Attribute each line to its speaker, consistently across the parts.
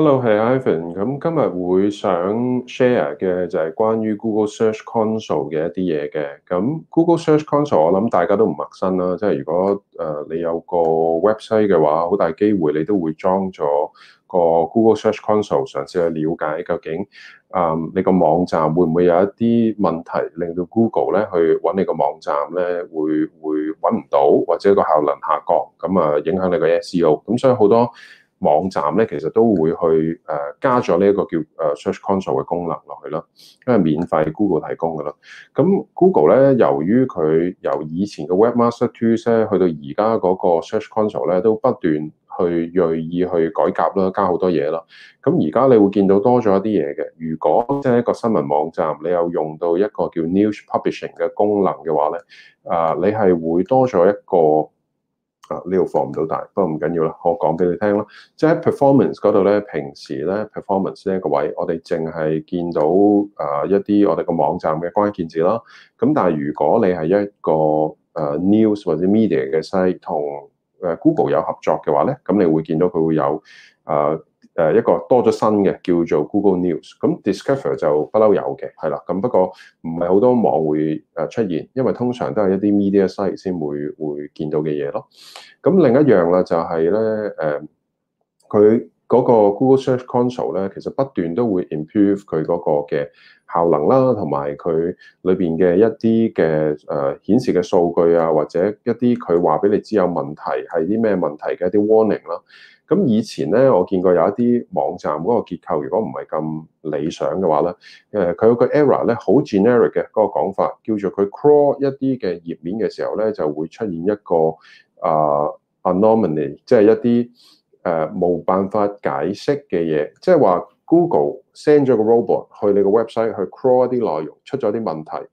Speaker 1: Hello，係 Ivan。咁今日會想 share 嘅就係關於 Google Search Console 嘅一啲嘢嘅。咁 Google Search Console，我諗大家都唔陌生啦。即係如果誒你有個 website 嘅話，好大機會你都會裝咗個 Google Search Console，嘗試去了解究竟誒你個網站會唔會有一啲問題，令到 Google 咧去揾你個網站咧會會揾唔到，或者個效能下降，咁啊影響你個 SEO。咁所以好多。網站咧其實都會去誒、呃、加咗呢一個叫誒 Search Console 嘅功能落去咯，因為免費 Google 提供嘅咯。咁 Google 咧由於佢由以前嘅 Webmaster Tools 咧去到而家嗰個 Search Console 咧都不斷去銳意去改革啦，加好多嘢咯。咁而家你會見到多咗一啲嘢嘅。如果即係一個新聞網站，你有用到一個叫 News Publishing 嘅功能嘅話咧，啊、呃、你係會多咗一個。啊！呢度放唔到大，不過唔緊要啦，我講俾你聽啦。即係 performance 嗰度咧，平時咧 performance 呢一個位，我哋淨係見到啊一啲我哋個網站嘅關鍵字啦。咁但係如果你係一個誒 news 或者 media 嘅 site 同誒 Google 有合作嘅話咧，咁你會見到佢會有誒。呃誒一個多咗新嘅叫做 Google News，咁 Discover 就不嬲有嘅，係啦。咁不過唔係好多網會誒出現，因為通常都係一啲 media site 先會會見到嘅嘢咯。咁另一樣啦就係咧誒，佢、呃、嗰個 Google Search Console 咧，其實不斷都會 improve 佢嗰個嘅效能啦，同埋佢裏邊嘅一啲嘅誒顯示嘅數據啊，或者一啲佢話俾你知有問題係啲咩問題嘅一啲 warning 啦。咁以前咧，我見過有一啲網站嗰個結構，如果唔係咁理想嘅話咧，誒佢有個 error 咧，好 generic 嘅嗰個講法，叫做佢 crawl 一啲嘅頁面嘅時候咧，就會出現一個啊 anomaly，即係一啲誒冇辦法解釋嘅嘢，即係話 Google send 咗個 robot 去你個 website 去 crawl 一啲內容，出咗啲問題。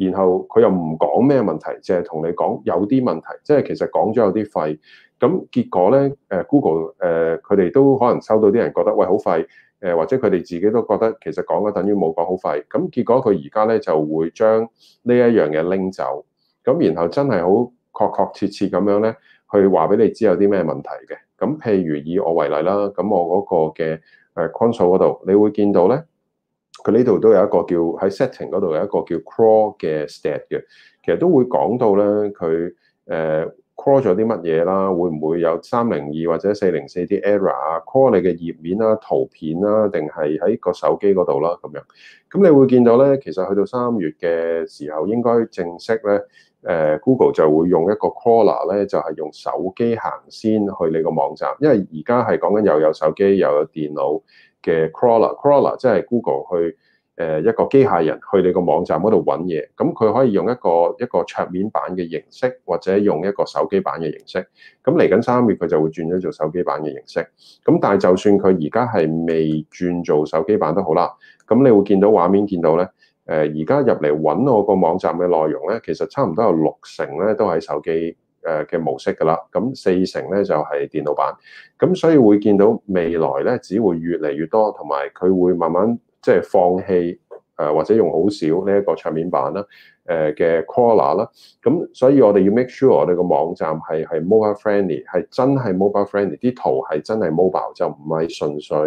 Speaker 1: 然後佢又唔講咩問題，淨係同你講有啲問題，即係其實講咗有啲廢。咁結果咧，誒 Google 誒佢哋都可能收到啲人覺得喂好廢，誒、呃、或者佢哋自己都覺得其實講咗等於冇講好廢。咁結果佢而家咧就會將呢一樣嘢拎走。咁然後真係好確確切切咁樣咧，去話俾你知有啲咩問題嘅。咁譬如以我為例啦，咁我嗰個嘅誒 console 嗰度，你會見到咧。佢呢度都有一個叫喺 setting 嗰度有一個叫 crawl 嘅 stat 嘅，其實都會講到咧佢誒 crawl 咗啲乜嘢啦，會唔會有三零二或者四零四啲 error 啊？crawl 你嘅頁面啦、圖片啦，定係喺個手機嗰度啦咁樣。咁你會見到咧，其實去到三月嘅時候應該正式咧。誒 Google 就會用一個 crawler 咧，就係用手機行先去你個網站，因為而家係講緊又有手機又有電腦嘅 crawler，crawler 即係 Google 去誒一個機械人去你個網站嗰度揾嘢，咁佢可以用一個一個桌面版嘅形式，或者用一個手機版嘅形式。咁嚟緊三月佢就會轉咗做手機版嘅形式。咁但係就算佢而家係未轉做手機版都好啦，咁你會見到畫面見到咧。誒而家入嚟揾我個網站嘅內容咧，其實差唔多有六成咧都係手機誒嘅模式㗎啦，咁四成咧就係電腦版，咁所以會見到未來咧，只會越嚟越多，同埋佢會慢慢即係放棄。誒或者用好少呢一個桌面版啦，誒嘅 crawler 啦，咁所以我哋要 make sure 我哋個網站係係 mobile friendly，係真係 mobile friendly，啲圖係真係 mobile，就唔係純粹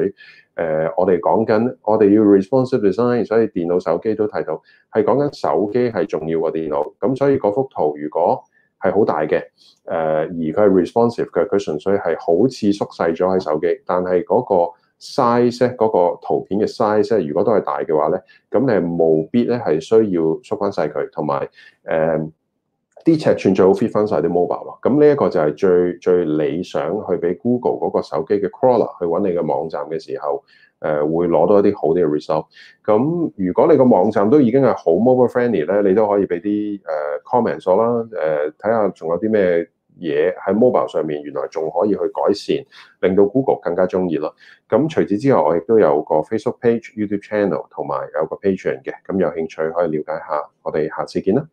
Speaker 1: 誒我哋講緊，我哋要 responsive design，所以電腦手機都睇到，係講緊手機係重要過電腦，咁所以嗰幅圖如果係好大嘅，誒、呃、而佢係 responsive 嘅，佢純粹係好似縮細咗喺手機，但係嗰、那個，size 嗰個圖片嘅 size 如果都係大嘅話咧，咁你係冇必咧係需要縮翻晒佢，同埋誒啲尺寸最好 fit 翻晒啲 mobile 喎。咁呢一個就係最最理想去俾 Google 嗰個手機嘅 crawler 去揾你嘅網站嘅時候，誒、呃、會攞到一啲好啲嘅 result。咁如果你個網站都已經係好 mobile friendly 咧，你都可以俾啲誒 comment 咗、呃、啦，誒睇下仲有啲咩嘢喺 mobile 上面原來仲可以去改善，令到 Google 更加鍾意咯。咁除此之外，我亦都有個 Facebook page、YouTube channel 同埋有個 Patreon 嘅。咁有興趣可以了解下。我哋下次見啦。